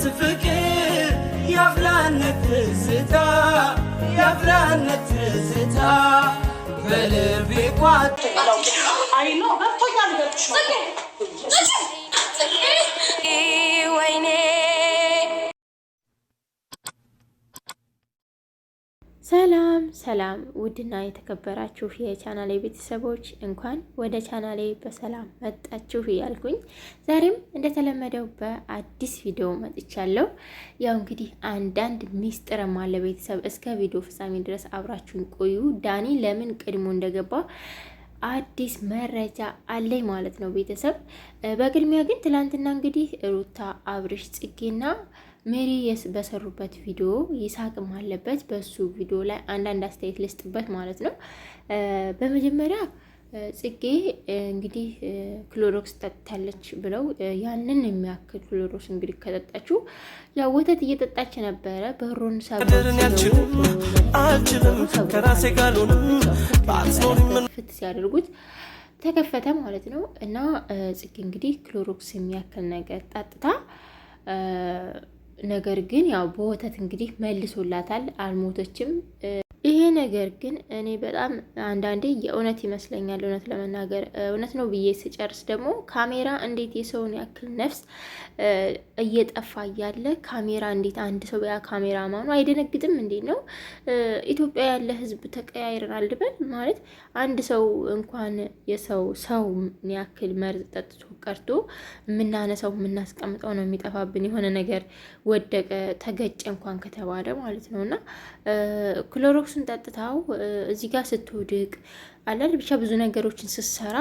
የአፍላነት ፍቅር የአፍላነት ትዝታ የአፍላነት ትዝታ በልቤ ቋጥ ወይኔ ሰላም ሰላም ውድና የተከበራችሁ የቻናሌ ቤተሰቦች እንኳን ወደ ቻናሌ በሰላም መጣችሁ እያልኩኝ ዛሬም እንደተለመደው በአዲስ ቪዲዮ መጥቻለሁ። ያው እንግዲህ አንዳንድ ሚስጥርም አለ ቤተሰብ። እስከ ቪዲዮ ፍጻሜ ድረስ አብራችሁን ቆዩ። ዳኒ ለምን ቀድሞ እንደገባ አዲስ መረጃ አለኝ ማለት ነው ቤተሰብ። በቅድሚያ ግን ትላንትና እንግዲህ ሩታ፣ አብርሽ፣ ጽጌና ሜሪ በሰሩበት ቪዲዮ ይሳቅም አለበት። በሱ ቪዲዮ ላይ አንዳንድ አስተያየት ልስጥበት ማለት ነው። በመጀመሪያ ጽጌ እንግዲህ ክሎሮክስ ጠጥታለች ብለው ያንን የሚያክል ክሎሮክስ እንግዲህ ከጠጣችው ያው ወተት እየጠጣች ነበረ። በሮን ፍት ሲያደርጉት ተከፈተ ማለት ነው። እና ጽጌ እንግዲህ ክሎሮክስ የሚያክል ነገር ጠጥታ ነገር ግን ያው በወተት እንግዲህ መልሶላታል። አልሞተችም። ነገር ግን እኔ በጣም አንዳንዴ የእውነት ይመስለኛል። እውነት ለመናገር እውነት ነው ብዬ ስጨርስ ደግሞ ካሜራ እንዴት የሰውን ያክል ነፍስ እየጠፋ እያለ ካሜራ እንዴት አንድ ሰው ያ ካሜራ ማኑ አይደነግጥም? እንዴት ነው ኢትዮጵያ ያለ ህዝብ ተቀያይረናል ልበል ማለት አንድ ሰው እንኳን የሰው ሰው ያክል መርዝ ጠጥቶ ቀርቶ የምናነሳው የምናስቀምጠው ነው የሚጠፋብን። የሆነ ነገር ወደቀ ተገጨ እንኳን ከተባለ ማለት ነው እና ክሎሮክሱን ጠጥ ቀጥታው እዚህ ጋር ስትወድቅ አላል ብቻ ብዙ ነገሮችን ስትሰራ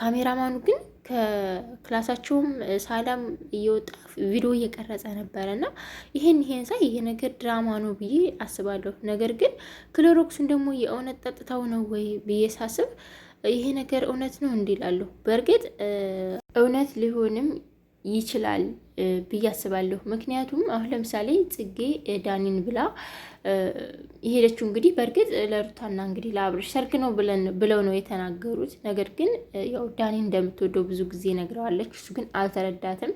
ካሜራማኑ ግን ከክላሳቸውም ሳላም እየወጣ ቪዲዮ እየቀረጸ ነበረ እና ይሄን ይሄን ሳይ ይሄ ነገር ድራማ ነው ብዬ አስባለሁ። ነገር ግን ክሎሮክሱን ደግሞ የእውነት ጠጥታው ነው ወይ ብዬ ሳስብ ይሄ ነገር እውነት ነው እንዲላለሁ። በእርግጥ እውነት ሊሆንም ይችላል ብዬ አስባለሁ። ምክንያቱም አሁን ለምሳሌ ጽጌ ዳኒን ብላ የሄደችው እንግዲህ በእርግጥ ለሩታና እንግዲህ ለአብርሽ ሰርግ ነው ብለው ነው የተናገሩት። ነገር ግን ያው ዳኒን እንደምትወደው ብዙ ጊዜ ነግረዋለች። እሱ ግን አልተረዳትም።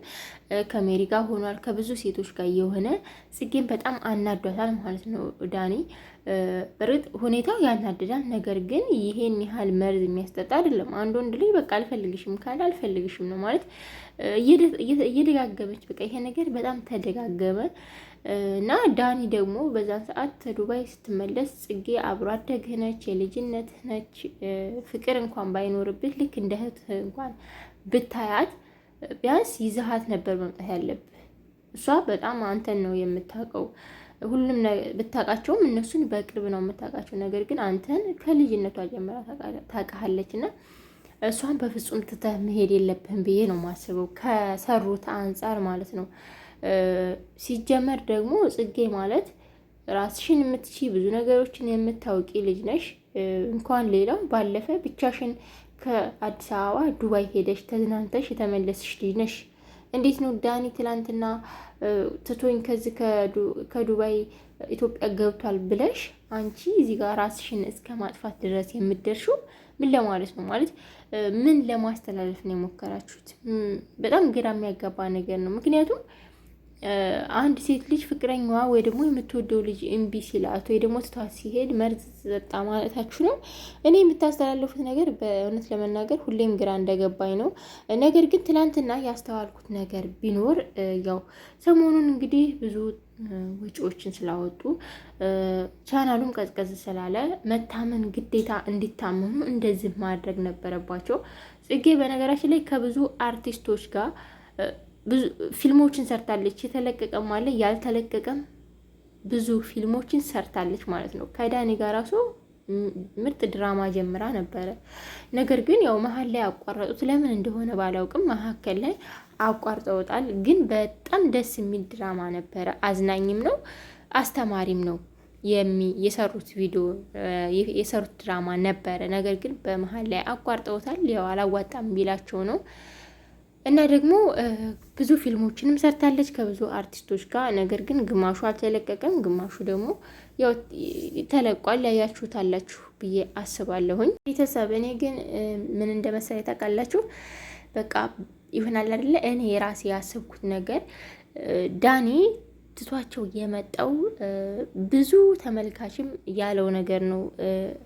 ከሜሪ ጋር ሆኗል፣ ከብዙ ሴቶች ጋር የሆነ ጽጌን በጣም አናዷታል ማለት ነው ዳኒ። በእርግጥ ሁኔታው ያናድዳል። ነገር ግን ይሄን ያህል መርዝ የሚያስጠጣ አይደለም። አንድ ወንድ ልጅ በቃ አልፈልግሽም ካለ አልፈልግሽም ነው ማለት እየደጋገበ አሰበች። በቃ ይሄ ነገር በጣም ተደጋገመ እና ዳኒ ደግሞ በዛን ሰዓት ከዱባይ ስትመለስ ጽጌ አብሮ አደግህ ነች፣ የልጅነት ነች። ፍቅር እንኳን ባይኖርብህ ልክ እንደ እህትህ እንኳን ብታያት ቢያንስ ይዘሃት ነበር መምጣት ያለብህ። እሷ በጣም አንተን ነው የምታውቀው ሁሉም ብታውቃቸውም እነሱን በቅርብ ነው የምታውቃቸው። ነገር ግን አንተን ከልጅነቷ ጀምራ ታውቃለች እና እሷን በፍጹም ትተህ መሄድ የለብህም ብዬ ነው ማስበው ከሰሩት አንጻር ማለት ነው። ሲጀመር ደግሞ ጽጌ ማለት ራስሽን የምትች ብዙ ነገሮችን የምታውቂ ልጅ ነሽ። እንኳን ሌላው ባለፈ ብቻሽን ከአዲስ አበባ ዱባይ ሄደሽ ተዝናንተሽ የተመለስሽ ልጅ ነሽ። እንዴት ነው ዳኒ ትላንትና ትቶኝ ከዚህ ከዱባይ ኢትዮጵያ ገብቷል ብለሽ አንቺ እዚህ ጋር ራስሽን እስከ ማጥፋት ድረስ የምትደርሹ ምን ለማለት ነው? ማለት ምን ለማስተላለፍ ነው የሞከራችሁት? በጣም ግራ የሚያጋባ ነገር ነው። ምክንያቱም አንድ ሴት ልጅ ፍቅረኛዋ ወይ ደግሞ የምትወደው ልጅ እምቢ ሲላት ወይ ደግሞ ትቷት ሲሄድ መርዝ ጠጣ ማለታችሁ ነው። እኔ የምታስተላለፉት ነገር በእውነት ለመናገር ሁሌም ግራ እንደገባኝ ነው። ነገር ግን ትናንትና ያስተዋልኩት ነገር ቢኖር ያው ሰሞኑን እንግዲህ ብዙ ወጪዎችን ስላወጡ ቻናሉም ቀዝቀዝ ስላለ መታመን ግዴታ እንዲታመኑ እንደዚህ ማድረግ ነበረባቸው። ጽጌ በነገራችን ላይ ከብዙ አርቲስቶች ጋር ብዙ ፊልሞችን ሰርታለች። የተለቀቀም አለ ያልተለቀቀም ብዙ ፊልሞችን ሰርታለች ማለት ነው። ከዳኒ ጋር ራሱ ምርጥ ድራማ ጀምራ ነበረ። ነገር ግን ያው መሀል ላይ ያቋረጡት ለምን እንደሆነ ባላውቅም መካከል ላይ አቋርጠውታል። ግን በጣም ደስ የሚል ድራማ ነበረ። አዝናኝም ነው አስተማሪም ነው የሰሩት ቪዲዮ የሰሩት ድራማ ነበረ። ነገር ግን በመሀል ላይ አቋርጠውታል። ያው አላዋጣም ቢላቸው ነው እና ደግሞ ብዙ ፊልሞችንም ሰርታለች ከብዙ አርቲስቶች ጋር። ነገር ግን ግማሹ አልተለቀቀም፣ ግማሹ ደግሞ ያው ተለቋል። ያያችሁታላችሁ ብዬ አስባለሁኝ። ቤተሰብ እኔ ግን ምን እንደመሰለ ታውቃላችሁ በቃ ይሆናል አይደለ? እኔ የራሴ ያሰብኩት ነገር ዳኒ ትቷቸው የመጣው ብዙ ተመልካችም ያለው ነገር ነው።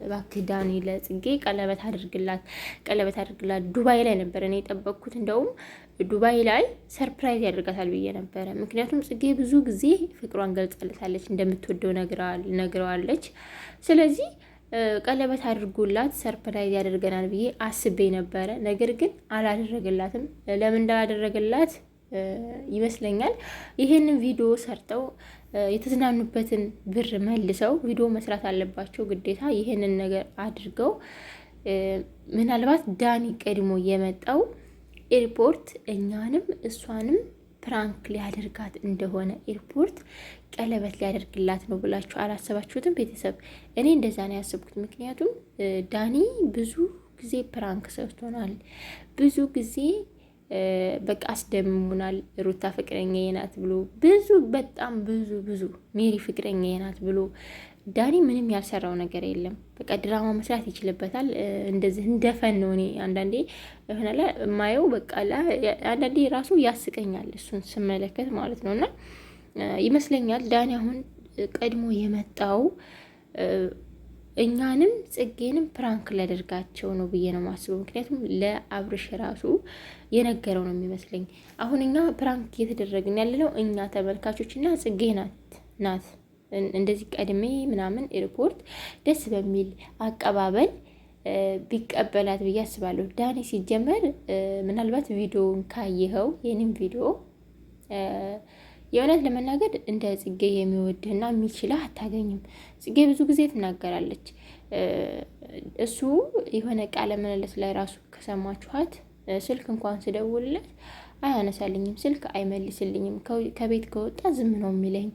እባክህ ዳኒ ለጽጌ ቀለበት አድርግላት፣ ቀለበት አድርግላት። ዱባይ ላይ ነበር እኔ የጠበቅኩት። እንደውም ዱባይ ላይ ሰርፕራይዝ ያደርጋታል ብዬ ነበረ። ምክንያቱም ጽጌ ብዙ ጊዜ ፍቅሯን ገልጻለታለች፣ እንደምትወደው ነግረዋለች። ስለዚህ ቀለበት አድርጎላት ሰርፕራይዝ ያደርገናል ብዬ አስቤ ነበረ። ነገር ግን አላደረገላትም። ለምን እንዳላደረገላት ይመስለኛል ይህንን ቪዲዮ ሰርተው የተዝናኑበትን ብር መልሰው ቪዲዮ መስራት አለባቸው ግዴታ። ይህንን ነገር አድርገው ምናልባት ዳኒ ቀድሞ የመጣው ኤርፖርት እኛንም እሷንም ፕራንክ ሊያደርጋት እንደሆነ ኤርፖርት ቀለበት ሊያደርግላት ነው ብላችሁ አላሰባችሁትም? ቤተሰብ እኔ እንደዛ ነው ያሰብኩት። ምክንያቱም ዳኒ ብዙ ጊዜ ፕራንክ ሰርቶናል፣ ብዙ ጊዜ በቃ አስደምሙናል። ሩታ ፍቅረኛ ናት ብሎ ብዙ በጣም ብዙ ብዙ ሜሪ ፍቅረኛ ናት ብሎ ዳኒ ምንም ያልሰራው ነገር የለም። በቃ ድራማ መስራት ይችልበታል። እንደዚህ እንደፈን ነው። እኔ አንዳንዴ ሆነላ የማየው በቃ አንዳንዴ ራሱ ያስቀኛል፣ እሱን ስመለከት ማለት ነው። እና ይመስለኛል ዳኒ አሁን ቀድሞ የመጣው እኛንም ጽጌንም ፕራንክ ሊያደርጋቸው ነው ብዬ ነው ማስበው። ምክንያቱም ለአብርሽ ራሱ የነገረው ነው የሚመስለኝ። አሁን እኛ ፕራንክ እየተደረግን ያለነው እኛ ተመልካቾች እና ጽጌ ናት ናት እንደዚህ ቀድሜ ምናምን ኤርፖርት ደስ በሚል አቀባበል ቢቀበላት ብዬ አስባለሁ። ዳኒ ሲጀመር ምናልባት ቪዲዮን ካየኸው ይህንም ቪዲዮ የእውነት ለመናገር እንደ ጽጌ የሚወድህና የሚችልህ አታገኝም። ጽጌ ብዙ ጊዜ ትናገራለች። እሱ የሆነ ቃለ መለስ ላይ ራሱ ከሰማችኋት ስልክ እንኳን ስደውልለት አያነሳልኝም፣ ስልክ አይመልስልኝም፣ ከቤት ከወጣ ዝም ነው የሚለኝ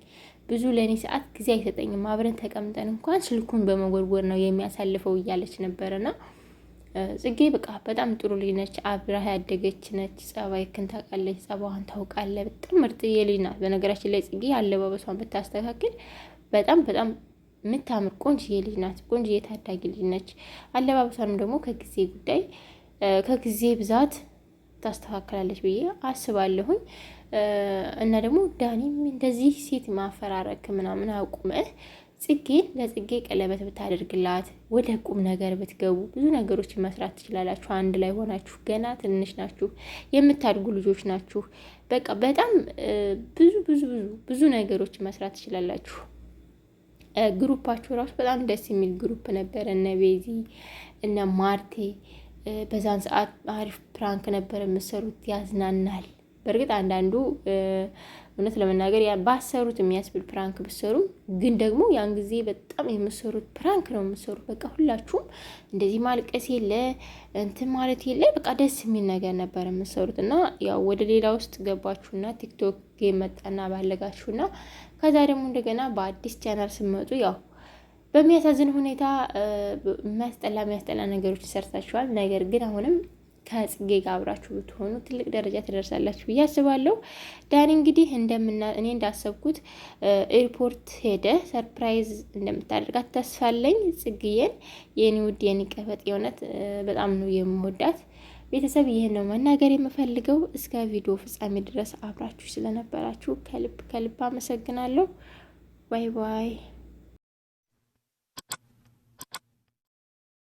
ብዙ ለእኔ ሰዓት ጊዜ አይሰጠኝም፣ አብረን ተቀምጠን እንኳን ስልኩን በመጎርጎር ነው የሚያሳልፈው እያለች ነበረና ጽጌ በቃ በጣም ጥሩ ልጅ ነች። አብራህ ያደገች ነች። ጸባይ ክን ታውቃለች፣ ጸባዋን ታውቃለ በጣም ምርጥዬ ልጅ ናት። በነገራችን ላይ ጽጌ አለባበሷን ብታስተካክል በጣም በጣም የምታምር ቆንጅዬ ልጅ ናት። ቆንጅዬ ታዳጊ ልጅ ነች። አለባበሷንም ደግሞ ከጊዜ ጉዳይ ከጊዜ ብዛት ታስተካክላለች ብዬ አስባለሁኝ። እና ደግሞ ዳኒም እንደዚህ ሴት ማፈራረክ ምናምን አቁመህ ጽጌን ለጽጌ ቀለበት ብታደርግላት ወደ ቁም ነገር ብትገቡ ብዙ ነገሮችን መስራት ትችላላችሁ። አንድ ላይ ሆናችሁ ገና ትንሽ ናችሁ፣ የምታድጉ ልጆች ናችሁ። በቃ በጣም ብዙ ብዙ ብዙ ብዙ ነገሮችን መስራት ትችላላችሁ። ግሩፓችሁ ራሱ በጣም ደስ የሚል ግሩፕ ነበረ። እነ ቤዚ እነ ማርቴ በዛን ሰዓት አሪፍ ፕራንክ ነበር የምትሰሩት፣ ያዝናናል። በእርግጥ አንዳንዱ እውነት ለመናገር ባሰሩት የሚያስብል ፕራንክ ብሰሩም ግን ደግሞ ያን ጊዜ በጣም የምሰሩት ፕራንክ ነው የምሰሩት። በቃ ሁላችሁም እንደዚህ ማልቀስ የለ እንትን ማለት የለ በቃ ደስ የሚል ነገር ነበር የምሰሩት እና ያው ወደ ሌላ ውስጥ ገባችሁና ቲክቶክ መጣና ባለጋችሁና ከዛ ደግሞ እንደገና በአዲስ ቻናል ስመጡ ያው በሚያሳዝን ሁኔታ የሚያስጠላ የሚያስጠላ ነገሮች ይሰርታችኋል። ነገር ግን አሁንም ከጽጌ ጋር አብራችሁ ብትሆኑ ትልቅ ደረጃ ትደርሳላችሁ ብዬ አስባለሁ። ዳኒ እንግዲህ እንደምና እኔ እንዳሰብኩት ኤርፖርት ሄደ ሰርፕራይዝ እንደምታደርጋት ተስፋለኝ ጽግዬን የኔ ውድ የኔ ቀበጥ የእውነት በጣም ነው የምወዳት። ቤተሰብ ይህን ነው መናገር የምፈልገው። እስከ ቪዲዮ ፍጻሜ ድረስ አብራችሁ ስለነበራችሁ ከልብ ከልብ አመሰግናለሁ። ባይ ባይ።